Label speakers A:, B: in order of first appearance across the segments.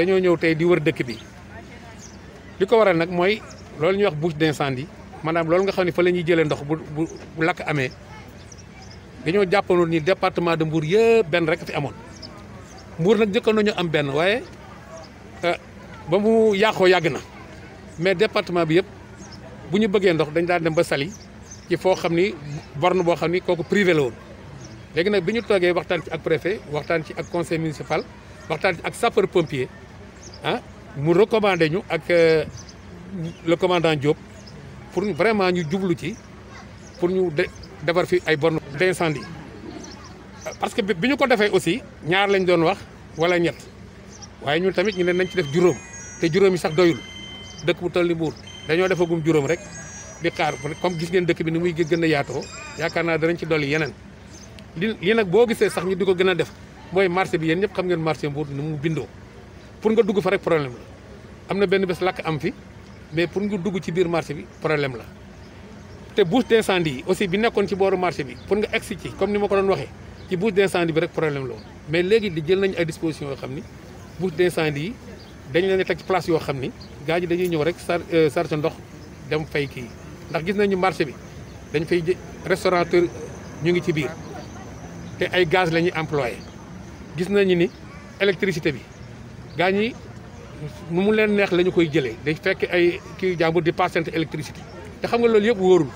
A: dañoo ñëw tey di wër dëkk bi li ko waral nag mooy loolu ñuy wax bouche d'incendie maanaam loolu nga xam ni fa la ñuy jëlee ndox bu bu bu lakk amee dañoo jàppanoon ni département de Mbour yëpp benn rek fi amoon Mbour nag njëkkoon nañu am benn waaye euh, ba mu yàqoo yàgg na mais département bi yëpp bu ñu bëggee ndox dañ daan dem ba Saly ci foo xam ni borne boo xam ni kooku privé la woon léegi nag bi ñu toogee waxtaan ci ak préfet waxtaan ci ak conseil municipal waxtaan ci ak sapeur pompier ah mu recommandé ñu ak euh, le commandant Diop pour vraiment ñu jublu ci pour ñu defar fi ay bornes d'incendie ah, parce que bi ñu ko defee aussi ñaar lañ doon wax wala ñett waaye ñun tamit ñu ne nañ ci def juróom te juróom yi sax doyul dëkk bu toll ni Mbour dañoo defagum juróom rek di xaar comme gis ngeen dëkk bi nu muy gën a yaatoo yaakaar naa danañ ci dolli yeneen li li nag boo gisee sax ñu di ko gën a def mooy marché bi yéen ñëpp xam ngeen marché Mbour ni mu bindoo. pour nga dugg fa rek problème la am na benn bés lakk am fi mais pour nga dugg ci biir marché bi problème la te bouche d'incendie yi aussi bi nekkoon ci booru marché bi pour nga egsi ci ci comme ni ma ko doon waxee ci bouche d'incendie bi rek problème la woon mais léegi di jël nañu ay disposition yoo xam ni bouche d'incendie yi dañu leen teg ci yoo xam ni gaa yi dañuy ñëw rek sar sarse euh, ndox dem fay kii ndax gis nañu marché bi dañ fay restaurateur ñu ngi ci biir te ay gaz la ñuy employé gis nañu ni électricité bi gañi mu mu len neex lañu koy jëlé day fekk ay ki jambour di passante électricité té xam nga lool yëpp worul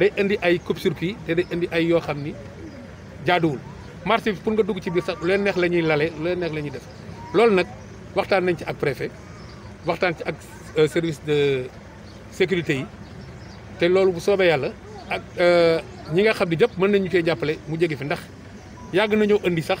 A: day indi ay coupe circuit té day indi ay yo xamni jaadul marché pour nga dugg ci biir sax len neex lañuy lalé len neex lañuy def lool nak waxtaan nañ ci ak préfet waxtaan ci ak euh, service de sécurité yi té lool bu soobé yalla ak euh, ñi nga xam di jëp mën nañu koy jappalé mu jëgé fi ndax yag nañu indi sax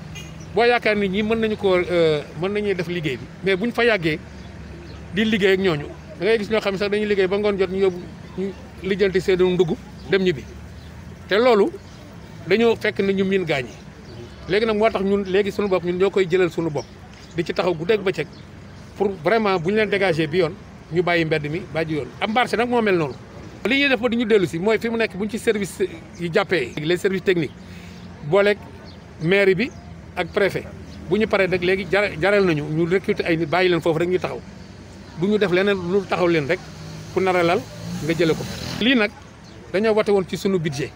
A: boo yaakaar nit ñii mën nañu ko euh, mën nañuy def liggéey bi mais buñ fa yàggee di liggéey ak ñooñu da ngay gis ñoo xam ne sax dañuy liggéey ba ngoon jot ñu yóbbu ñu lijjanti seen ndugg dem ñu bi te loolu dañoo fekk nañu ñu miin gaañi léegi nag moo tax ñun léegi suñu bopp ñun ñoo koy jëlal suñu bopp di ci taxaw ba bëccëg pour vraiment bu ñu leen dégager bi yoon ñu bàyyi mbedd mi bàyyi yoon am marché nag moo mel noonu. li ñuy def ba di ñu dellu si mooy fi mu nekk bu ci service yi jàppee. les services techniques booleeg mairie bi. ak préfet bu ñu paree rek léegi jaral nañu ñu recruter ay nit bàyyi leen foofu rek ñu taxaw bu ñu def leneen lu taxaw leen rek ku naralal nga jële ko. lii nag dañoo wate woon ci sunu budget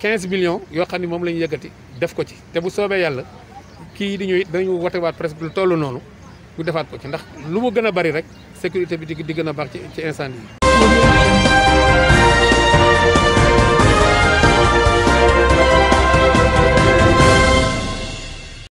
A: 15 millions yoo xam ne moom la ñu yëkkati def ko ci te bu soobee yàlla kii di ñuy dañu watewaat presque lu toll noonu ñu defaat ko ci ndax lu mu gën a bari rek sécurité bi di gën a baax ci ci incendie yi.